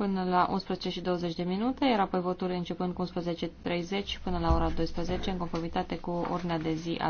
până la 11 și 20 de minute, iar apoi voturile începând cu 11.30 până la ora 12, în conformitate cu ordinea de zi a